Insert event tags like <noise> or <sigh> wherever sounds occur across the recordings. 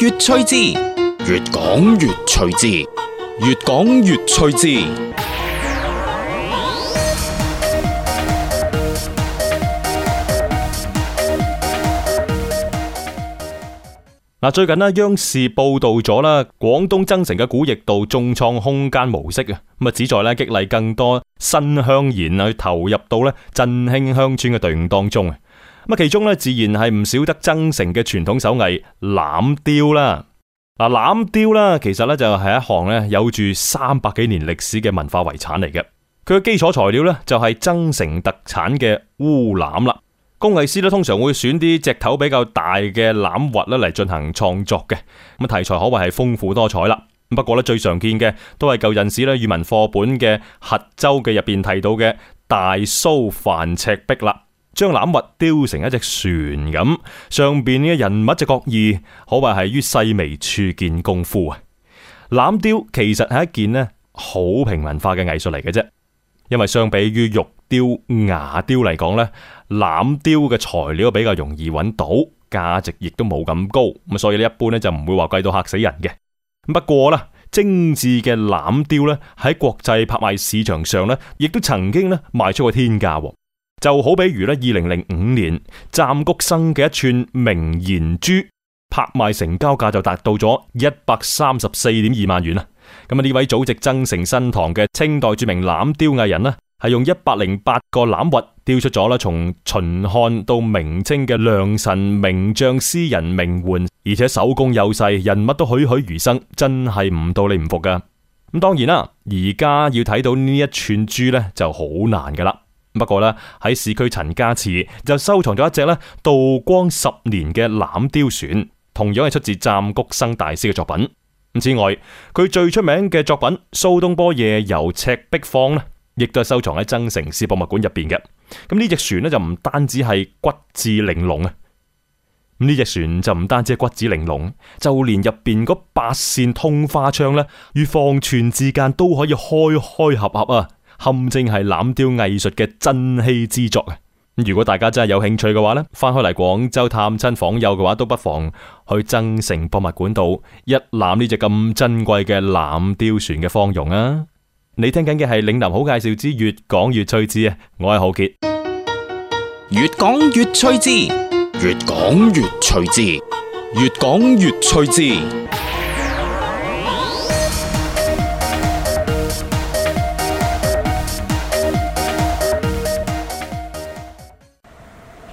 越趣字，越講越趣字，越講越趣字。嗱，最近咧，央視報道咗啦，廣東增城嘅古驛道眾創空間模式啊，咁啊旨在咧激勵更多新鄉賢啊去投入到咧振興鄉村嘅隊伍當中啊。咁其中咧自然係唔少得增城嘅傳統手藝欖雕啦。嗱，欖雕啦，其實咧就係一項咧有住三百幾年歷史嘅文化遺產嚟嘅。佢嘅基礎材料咧就係增城特產嘅烏欖啦。工藝師咧通常會選啲隻頭比較大嘅欖核咧嚟進行創作嘅。咁題材可謂係豐富多彩啦。不過咧，最常見嘅都係舊陣時咧語文課本嘅《核舟記》入邊提到嘅大蘇泛赤壁啦。將欖核雕成一隻船咁，上邊嘅人物就各異，可謂係於細微處見功夫啊！欖雕其實係一件呢好平民化嘅藝術嚟嘅啫，因為相比於玉雕、牙雕嚟講呢欖雕嘅材料比較容易揾到，價值亦都冇咁高，咁所以呢一般呢就唔會話貴到吓死人嘅。不過咧，精致嘅欖雕呢，喺國際拍賣市場上呢，亦都曾經咧賣出過天價。就好比如咧，二零零五年，湛谷生嘅一串名言珠拍賣成交價就達到咗一百三十四點二萬元啦。咁啊，呢位祖籍增城新塘嘅清代著名欖雕藝人呢係用一百零八個欖核雕出咗啦，從秦漢到明清嘅良臣名將、詩人名媛，而且手工幼細，人物都栩栩如生，真係唔到你唔服噶。咁當然啦，而家要睇到呢一串珠呢，就好難噶啦。不過呢，喺市區陳家祠就收藏咗一隻呢道光十年嘅欖雕船，同樣係出自湛谷生大師嘅作品。咁此外，佢最出名嘅作品《蘇東坡夜遊赤壁舫》呢，亦都係收藏喺增城市博物館入邊嘅。咁呢隻船呢，就唔單止係骨子玲瓏啊，咁呢隻船就唔單止係骨子玲瓏，就連入邊嗰八扇通花窗呢，與舫船之間都可以開開合合啊。堪稱係欖雕藝術嘅珍稀之作啊！如果大家真係有興趣嘅話呢，翻開嚟廣州探親訪友嘅話，都不妨去增城博物館度一覽呢隻咁珍貴嘅欖雕船嘅芳容啊！你聽緊嘅係《嶺南好介紹之越講越趣知》啊，我係浩傑。越講越趣知，越講越趣知，越講越趣知。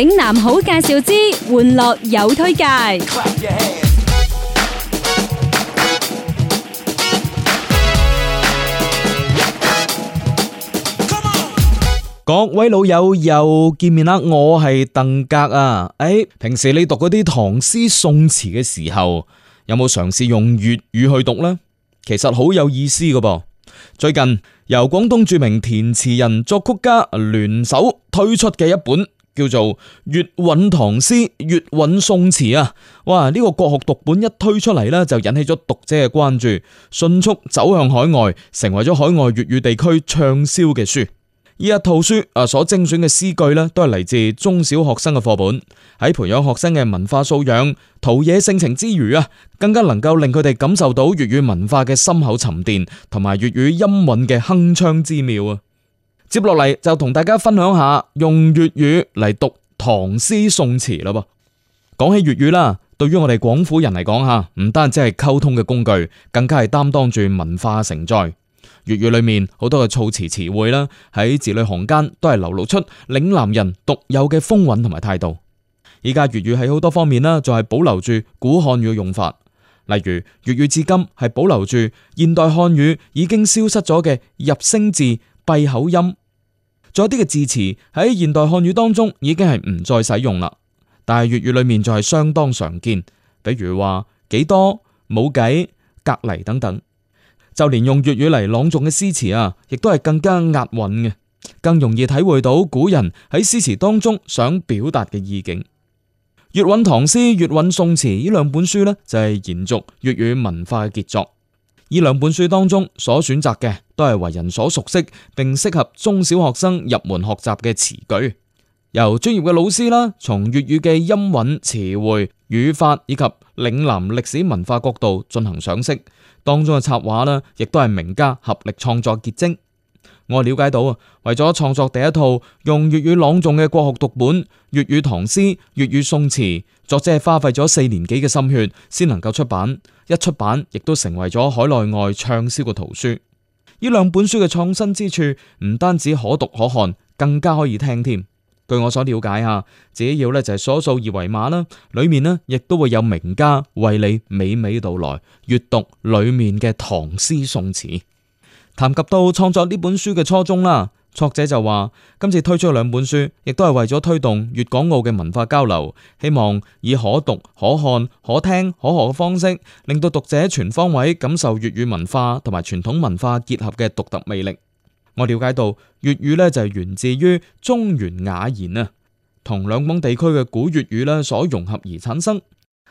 嶺南好介紹之，玩樂有推介。各位老友又見面啦，我係鄧格啊！誒、欸，平時你讀嗰啲唐詩宋詞嘅時候，有冇嘗試用粵語去讀呢？其實好有意思噶噃。最近由廣東著名填詞人作曲家聯手推出嘅一本。叫做粵韻唐詩、粵韻宋詞啊！哇，呢個國學讀本一推出嚟咧，就引起咗讀者嘅關注，迅速走向海外，成為咗海外粵語地區暢銷嘅書。呢一套書啊，所精選嘅詩句咧，都係嚟自中小學生嘅課本，喺培養學生嘅文化素養、陶冶性情之餘啊，更加能夠令佢哋感受到粵語文化嘅深厚沉澱，同埋粵語音韻嘅鏗鏘之妙啊！接落嚟就同大家分享下用粵語嚟讀唐詩宋詞咯。講起粵語啦，對於我哋廣府人嚟講，吓唔單止係溝通嘅工具，更加係擔當住文化承載。粵語裏面好多嘅措辭詞彙啦，喺字裏行間都係流露出嶺南人獨有嘅風韻同埋態度。依家粵語喺好多方面啦，仲係保留住古漢語嘅用法，例如粵語至今係保留住現代漢語已經消失咗嘅入聲字。閉口音，仲有啲嘅字詞喺現代漢語當中已經係唔再使用啦，但係粵語裏面就係相當常見，比如話幾多、冇計、隔離等等，就連用粵語嚟朗誦嘅詩詞啊，亦都係更加押韻嘅，更容易體會到古人喺詩詞當中想表達嘅意境。粵韻唐詩、粵韻宋詞呢兩本書呢，就係延續粵語文化嘅傑作。呢兩本書當中所選擇嘅，都係為人所熟悉並適合中小學生入門學習嘅詞句，由專業嘅老師啦，從粵語嘅音韻、詞彙、語法以及嶺南歷史文化角度進行賞析，當中嘅插畫啦，亦都係名家合力創作結晶。我了解到啊，為咗創作第一套用粵語朗誦嘅國學讀本《粵語唐詩》《粵語宋詞》，作者係花費咗四年幾嘅心血，先能夠出版。一出版，亦都成為咗海內外暢銷嘅圖書。呢兩本書嘅創新之處，唔單止可讀可看，更加可以聽添。據我所了解啊，只要咧就係掃一掃二維碼啦，裏面呢亦都會有名家為你娓娓道來閱讀裏面嘅唐詩宋詞。談及到創作呢本書嘅初衷啦，作者就話今次推出兩本書，亦都係為咗推動粵港澳嘅文化交流，希望以可讀、可看、可聽、可學嘅方式，令到讀者全方位感受粵語文化同埋傳統文化結合嘅獨特魅力。我了解到粵語呢就係源自於中原雅言啊，同兩廣地區嘅古粵語呢所融合而產生，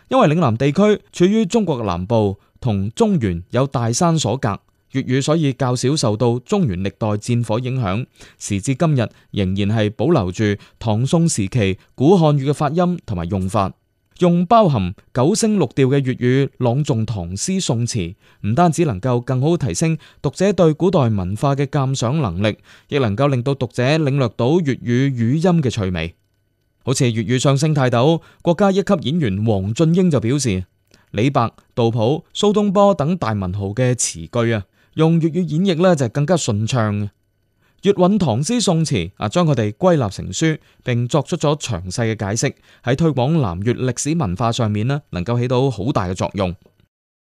因為嶺南地區處於中國南部，同中原有大山所隔。粵語所以較少受到中原歷代戰火影響，時至今日仍然係保留住唐宋時期古漢語嘅發音同埋用法。用包含九聲六調嘅粵語朗誦唐詩宋詞，唔單止能夠更好提升讀者對古代文化嘅鑑賞能力，亦能夠令到讀者領略到粵語語音嘅趣味。好似粵語相聲泰斗、國家一級演員黃俊英就表示，李白、杜甫、蘇東坡等大文豪嘅詞句啊。用粵語演繹咧就更加順暢。《粵韻唐詩宋詞》啊，將佢哋歸納成書，並作出咗詳細嘅解釋，喺推廣南粵歷史文化上面咧，能夠起到好大嘅作用。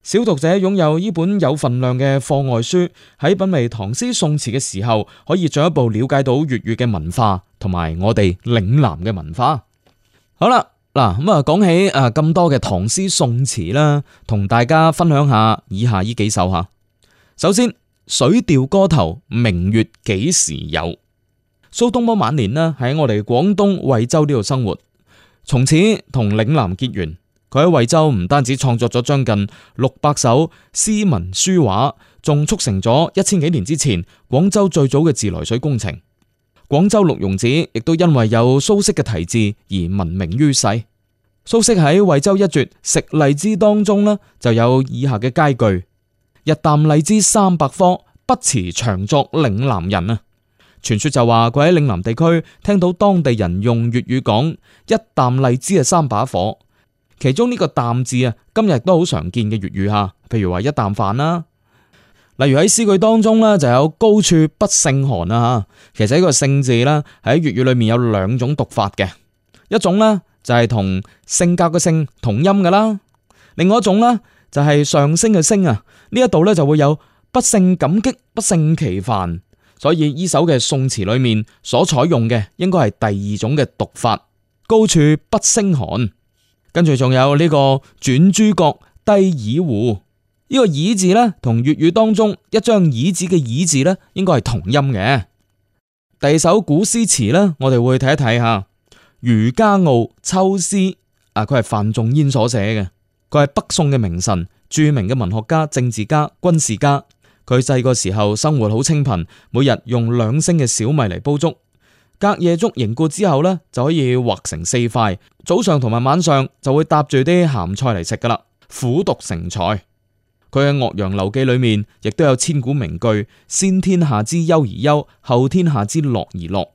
小讀者擁有呢本有份量嘅課外書，喺品味唐詩宋詞嘅時候，可以進一步了解到粵語嘅文化同埋我哋嶺南嘅文化。好啦，嗱咁啊，講起啊咁多嘅唐詩宋詞啦，同大家分享下以下呢幾首吓。首先，《水調歌頭·明月幾時有》，蘇東坡晚年呢喺我哋廣東惠州呢度生活，從此同嶺南結緣。佢喺惠州唔單止創作咗將近六百首詩文書畫，仲促成咗一千幾年之前廣州最早嘅自來水工程。廣州六榕寺亦都因為有蘇軾嘅題字而聞名於世。蘇軾喺惠州一絕《食荔枝》當中呢，就有以下嘅佳句。日啖荔枝三百顆，不辭長作嶺南人啊！傳說就話佢喺嶺南地區聽到當地人用粵語講一啖荔枝係三把火，其中呢個啖字啊，今日都好常見嘅粵語吓，譬如話一啖飯啦。例如喺詩句當中呢，就有高處不勝寒啊吓。其實呢個勝字呢，喺粵語裏面有兩種讀法嘅，一種呢，就係、是、同性格嘅性同音噶啦，另外一種呢。就係上升嘅升啊，呢一度呢就會有不勝感激，不勝其煩。所以呢首嘅宋詞裏面所採用嘅，應該係第二種嘅讀法。高處不勝寒，跟住仲有呢個轉朱閣，低綺戶。呢個綺字呢，同粵語當中一張椅子嘅椅字呢，應該係同音嘅。第二首古詩詞呢，我哋會睇一睇吓，《漁家傲·秋思》啊，佢係范仲淹所寫嘅。佢係北宋嘅名臣、著名嘅文學家、政治家、軍事家。佢細個時候生活好清貧，每日用兩升嘅小米嚟煲粥。隔夜粥凝固之後呢，就可以劃成四塊。早上同埋晚上就會搭住啲咸菜嚟食噶啦。苦讀成才，佢喺《岳陽樓記》裏面亦都有千古名句：先天下之憂而憂，後天下之樂而樂。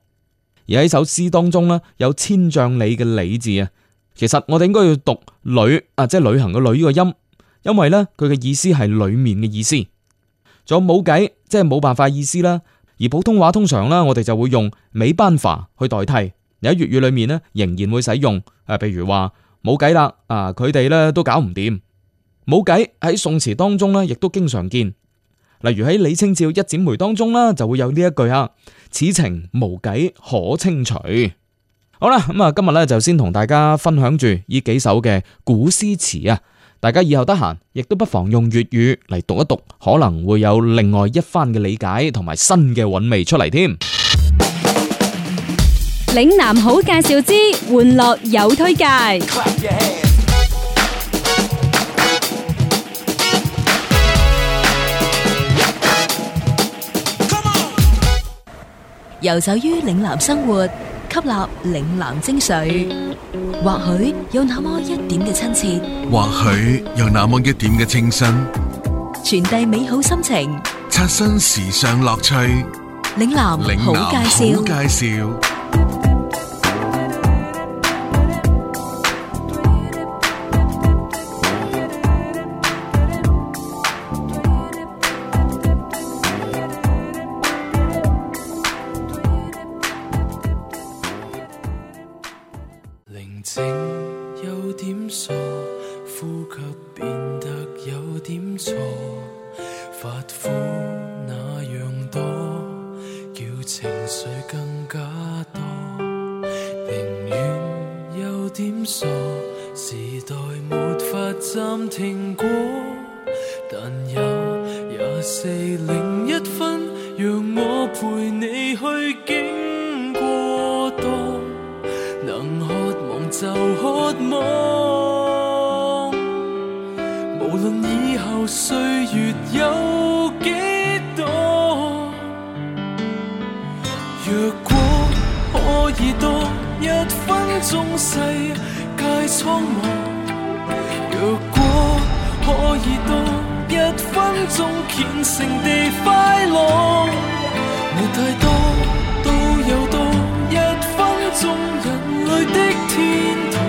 而喺首詩當中呢，有千丈裏嘅裏字啊。其實我哋應該要讀旅啊，即係旅行嘅旅呢個音，因為呢，佢嘅意思係裡面嘅意思。仲有冇計，即係冇辦法意思啦。而普通話通常咧，我哋就會用沒辦法去代替。而喺粵語裏面呢，仍然會使用。誒、啊，譬如話冇計啦，啊，佢哋呢都搞唔掂。冇計喺宋詞當中呢，亦都經常見。例如喺李清照《一剪梅》當中咧，就會有呢一句啊：此情無計可消除。好啦，咁啊，今日咧就先同大家分享住呢幾首嘅古詩詞啊！大家以後得閒，亦都不妨用粵語嚟讀一讀，可能會有另外一番嘅理解同埋新嘅韻味出嚟添。嶺南好介紹之，玩樂有推介。游走於嶺南生活。吸納嶺南精髓，或許有那麼一點嘅親切，或許有那麼一點嘅清新，傳遞美好心情，刷新時尚樂趣。嶺南好介紹，好介紹。就渴望，無論以後歲月有幾多。若果可以多一分鐘，世界蒼茫；若果可以多一分鐘，虔誠地快樂，沒太多。的天堂，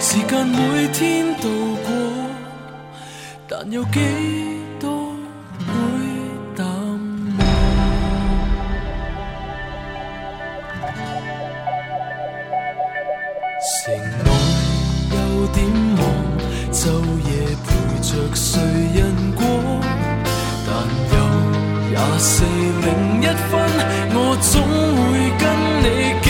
時間每天度過，但有幾多會淡忘？城內有點忙，晝夜陪着誰人過？但有廿四零一分，我總會跟你。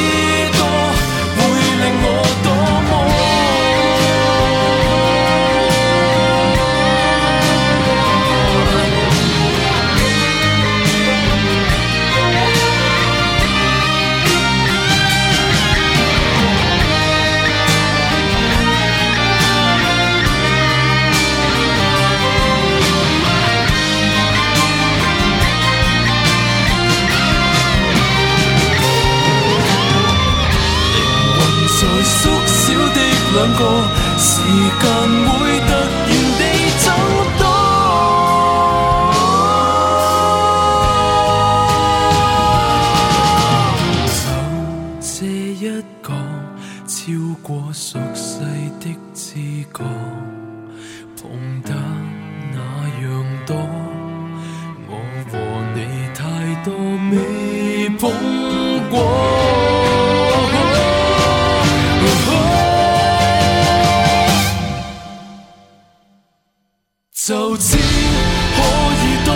就知可以多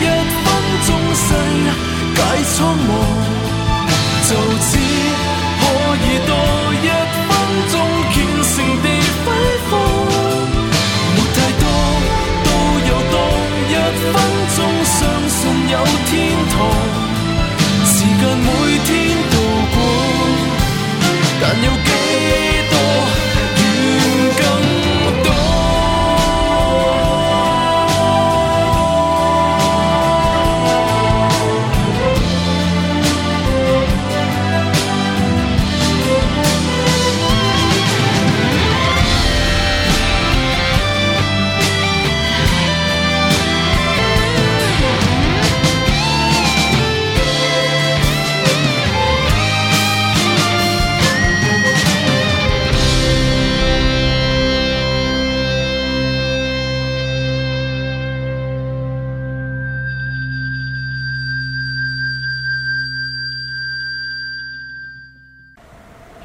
一分鐘世界蒼茫。就 <noise>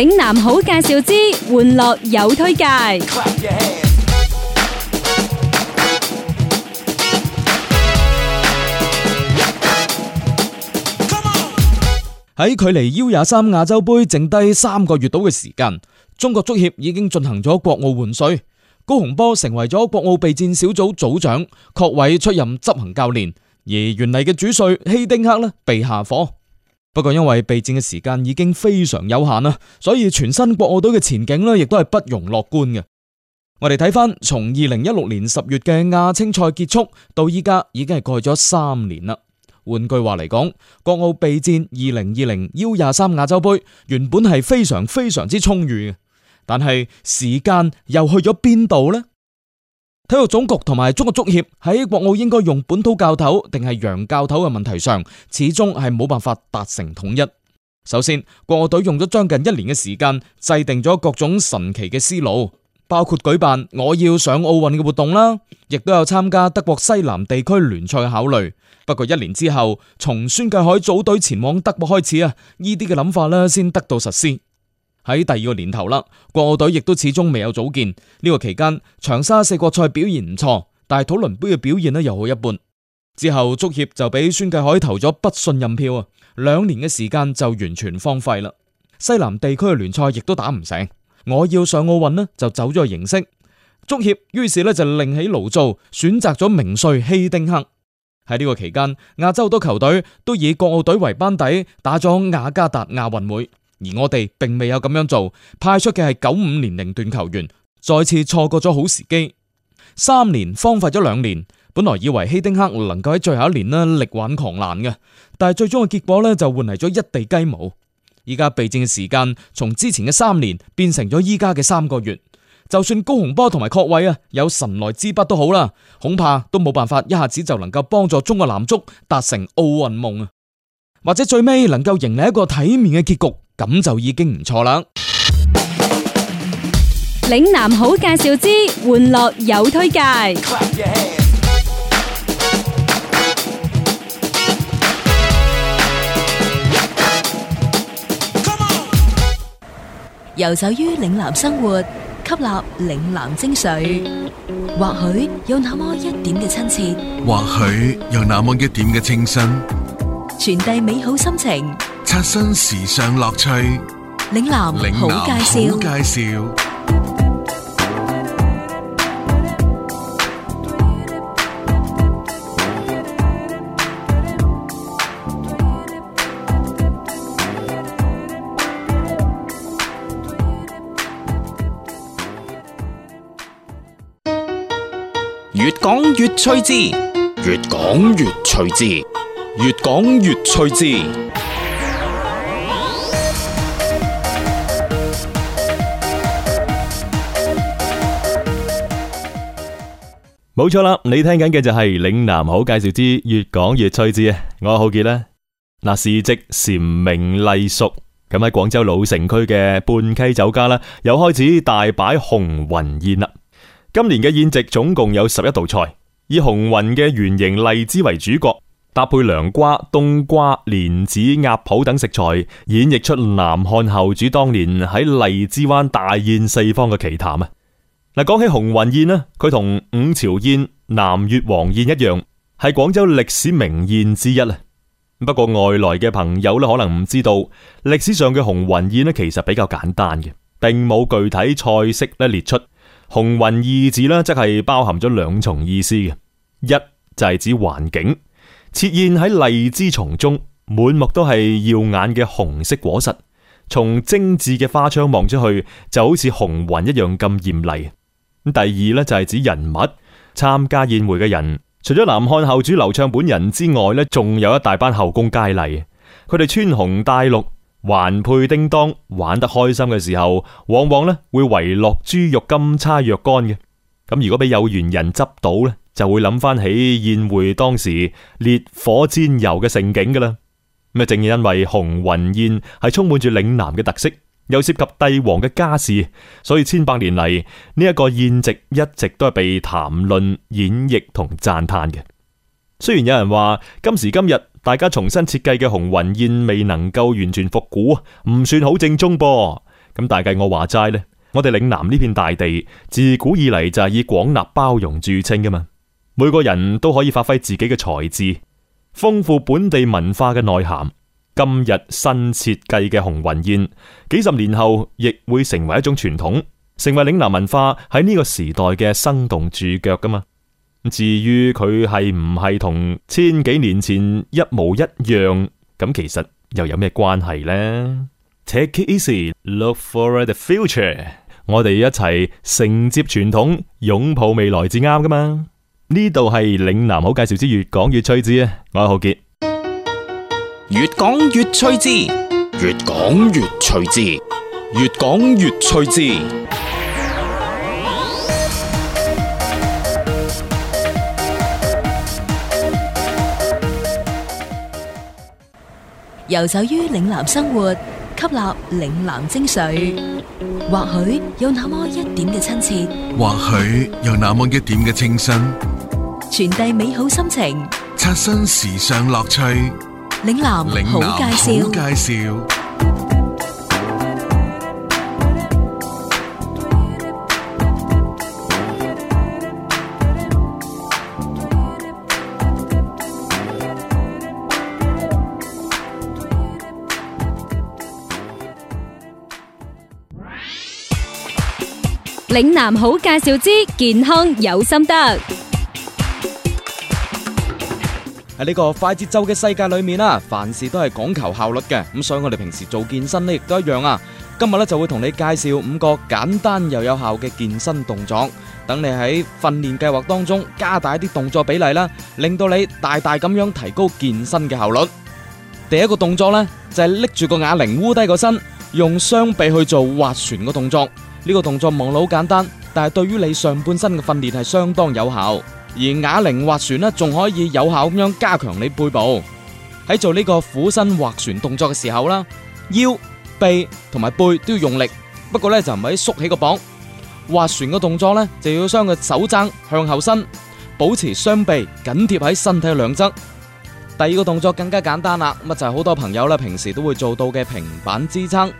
嶺南好介紹之，玩樂有推介。喺距離 U 二三亞洲杯剩低三個月度嘅時間，中國足協已經進行咗國奧換帥，高洪波成為咗國奧備戰小組組長，郝偉出任執行教練，而原嚟嘅主帥希丁克咧被下課。不過因為備戰嘅時間已經非常有限啦，所以全新國奧隊嘅前景呢亦都係不容樂觀嘅。我哋睇翻從二零一六年十月嘅亞青賽結束到依家，已經係過去咗三年啦。換句話嚟講，國奧備戰二零二零幺廿三亞洲杯原本係非常非常之充裕嘅，但係時間又去咗邊度呢？體育總局同埋中國足協喺國奧應該用本土教頭定係洋教頭嘅問題上，始終係冇辦法達成統一。首先，國奧隊用咗將近一年嘅時間，制定咗各種神奇嘅思路，包括舉辦我要上奧運嘅活動啦，亦都有參加德國西南地區聯賽考慮。不過一年之後，從孫繼海組隊前往德國開始啊，呢啲嘅諗法呢先得到實施。喺第二個年頭啦，國奧隊亦都始終未有組建呢個期間，長沙四國賽表現唔錯，但係土倫杯嘅表現呢又好一般。之後足協就俾孫繼海投咗不信任票啊，兩年嘅時間就完全荒廢啦。西南地區嘅聯賽亦都打唔成，我要上奧運呢就走咗個形式。足協於是呢就另起爐灶，選擇咗名帥希丁克。喺呢個期間，亞洲多球隊都以國奧隊為班底，打咗雅加達亞運會。而我哋並未有咁樣做，派出嘅係九五年齡段球員，再次錯過咗好時機，三年荒廢咗兩年，本來以為希丁克能夠喺最後一年啦力挽狂瀾嘅，但係最終嘅結果呢，就換嚟咗一地雞毛。依家備戰嘅時間從之前嘅三年變成咗依家嘅三個月，就算高洪波同埋郝偉啊有神來之筆都好啦，恐怕都冇辦法一下子就能夠幫助中國男足達成奧運夢啊，或者最尾能夠迎嚟一個體面嘅結局。咁就已經唔錯啦！嶺南好介紹之，玩樂有推介。遊走於嶺南生活，吸納嶺南精髓，或許有那麼一點嘅親切，或許有那麼一點嘅清新。傳遞美好心情，刷新時尚樂趣。嶺南好介紹，越講越趣致，越講越趣致。越講越趣致，冇錯啦！你聽緊嘅就係嶺南好介紹之越講越趣致啊！我係浩傑啦。嗱，時值蟬鳴荔熟，咁喺廣州老城區嘅泮溪酒家啦，又開始大擺紅雲宴啦。今年嘅宴席總共有十一道菜，以紅雲嘅圓形荔枝為主角。搭配涼瓜、冬瓜、蓮子、鴨脯等食材，演繹出南漢後主當年喺荔枝灣大宴四方嘅奇談啊！嗱，講起紅雲宴呢，佢同五朝宴、南越王宴一樣，係廣州歷史名宴之一啦。不過外來嘅朋友咧，可能唔知道歷史上嘅紅雲宴咧，其實比較簡單嘅，並冇具體菜式咧列出。紅雲二字咧，則係包含咗兩重意思嘅，一就係指環境。設宴喺荔枝叢中，滿目都係耀眼嘅紅色果實。從精緻嘅花窗望出去，就好似紅雲一樣咁艷麗。第二呢，就係指人物參加宴會嘅人，除咗南漢後主劉暢本人之外，呢仲有一大班後宮佳麗。佢哋穿紅戴綠，環佩叮噹，玩得開心嘅時候，往往呢會遺落豬肉、金叉若干、藥桿嘅。咁如果俾有緣人執到呢？就會諗翻起宴會當時烈火煎油嘅盛景噶啦。咁啊，正因為紅雲宴係充滿住嶺南嘅特色，又涉及帝王嘅家事，所以千百年嚟，呢一個宴席一直都係被談論、演繹同讚嘆嘅。雖然有人話今時今日大家重新設計嘅紅雲宴未能夠完全復古，唔算好正宗噃。咁大計我話齋呢，我哋嶺南呢片大地自古以嚟，就係以廣納包容著稱噶嘛。每個人都可以發揮自己嘅才智，豐富本地文化嘅內涵。今日新設計嘅紅雲宴，幾十年後亦會成為一種傳統，成為嶺南文化喺呢個時代嘅生動注腳噶嘛。至於佢係唔係同千幾年前一模一樣，咁其實又有咩關係呢？Take it easy, look forward to the future。我哋一齊承接傳統，擁抱未來，至啱噶嘛。呢度係嶺南好介紹之越講越趣之。啊！我係浩杰，越講越趣之，越講越趣之，越講越趣之。遊走於嶺南生活，吸納嶺南精髓，或許有那麼一點嘅親切，或許有那麼一點嘅清新，傳遞美好心情，刷新時尚樂趣。嶺南好介紹，嶺南好介紹。嶺南好介紹之健康有心得。喺呢個快節奏嘅世界裏面啦，凡事都係講求效率嘅，咁所以我哋平時做健身呢，亦都一樣啊。今日呢，就會同你介紹五個簡單又有效嘅健身動作，等你喺訓練計劃當中加大啲動作比例啦，令到你大大咁樣提高健身嘅效率。第一個動作呢，就係拎住個啞鈴，烏低個身，用雙臂去做划船個動作。呢個動作望落簡單，但係對於你上半身嘅訓練係相當有效。而啞鈴划船咧，仲可以有效咁樣加強你背部。喺做呢個俯身划船動作嘅時候啦，腰、臂同埋背都要用力。不過呢，就唔係喺縮起個膀划船個動作呢，就要將個手踭向後伸，保持雙臂緊貼喺身體嘅兩側。第二個動作更加簡單啦，咁就係、是、好多朋友啦，平時都會做到嘅平板支撐。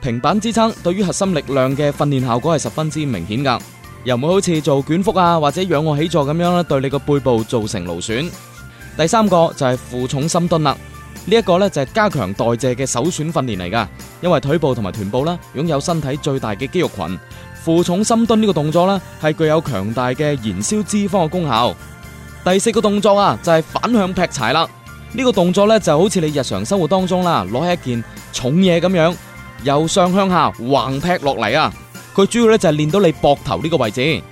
平板支撐對於核心力量嘅訓練效果係十分之明顯噶。又唔會好似做捲腹啊，或者仰臥起坐咁樣咧，對你個背部造成勞損。第三個就係負重深蹲啦，呢一個呢，就係加強代謝嘅首選訓練嚟噶，因為腿部同埋臀部呢，擁有身體最大嘅肌肉群。負重深蹲呢個動作呢，係具有強大嘅燃燒脂肪嘅功效。第四個動作啊，就係反向劈柴啦，呢個動作呢，就好似你日常生活當中啦，攞起一件重嘢咁樣，由上向下橫劈落嚟啊。佢主要咧，就係練到你膊頭呢個位置，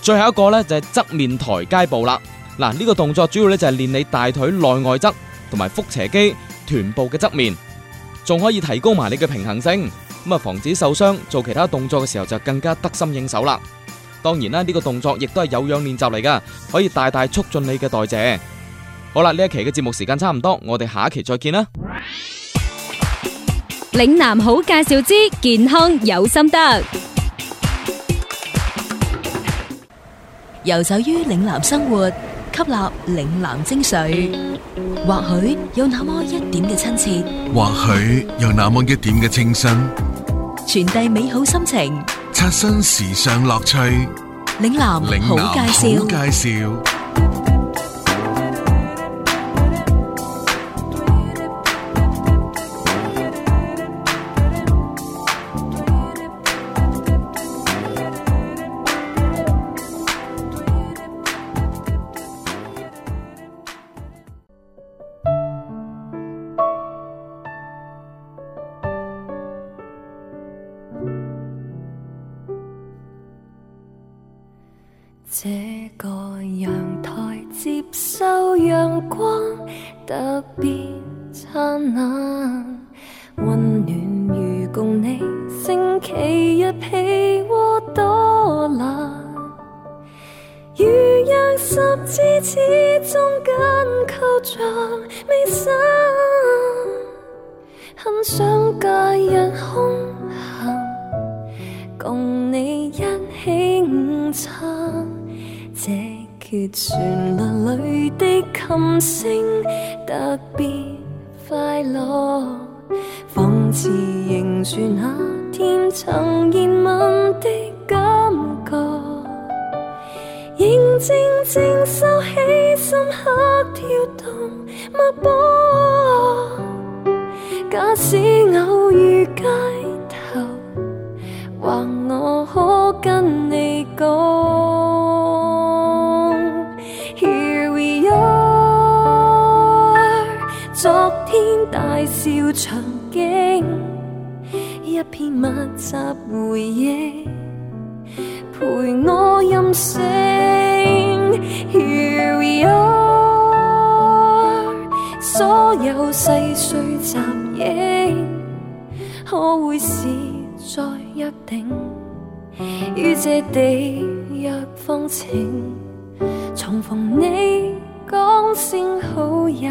最後一個呢就係側面台階步啦。嗱，呢個動作主要呢就係練你大腿內外側同埋腹斜肌、臀部嘅側面，仲可以提高埋你嘅平衡性，咁啊防止受傷。做其他動作嘅時候就更加得心應手啦。當然啦，呢個動作亦都係有氧練習嚟噶，可以大大促進你嘅代謝。好啦，呢一期嘅節目時間差唔多，我哋下一期再見啦。嶺南好介紹之健康有心得，游走於嶺南生活，吸納嶺南精髓，或許有那麼一點嘅親切，或許有那麼一點嘅清新，傳遞美好心情，刷新時尚樂趣。嶺南好介紹，好介紹。變燦爛，溫暖如共你星期日被窩多難，如若十指始終緊扣着未散，很想假日空閒，共你一起午餐，這闕旋律裏的琴聲。特別快樂，仿似凝住那天曾熱吻的感覺，仍靜靜收起心刻跳動脈搏。假使偶遇街頭，或我可跟你講。昨天大笑場景，一片密集回憶陪我任性。Here we are，所有細碎雜影，可會是再約定？於這地若放晴，重逢你講聲好也。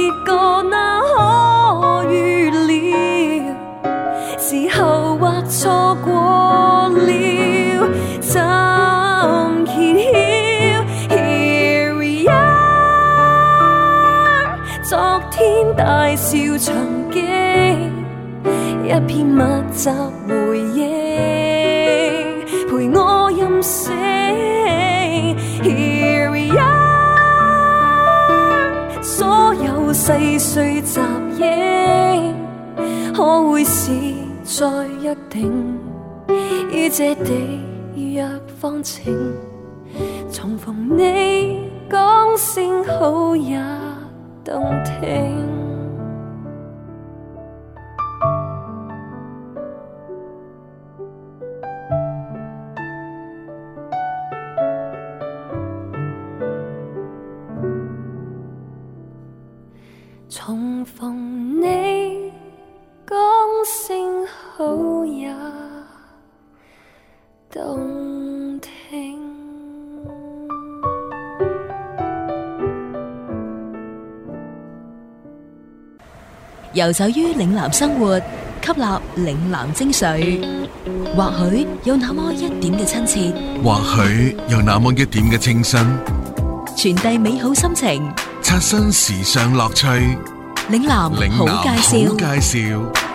一片密集回應，陪我任性。Here we are，所有細碎雜影，可會是再約定？於這地若放晴，重逢你講聲好也動聽。游走於嶺南生活，吸納嶺南精髓，或許有那麼一點嘅親切，或許有那麼一點嘅清新，傳遞美好心情，刷新時尚樂趣。嶺南好介紹，好介紹。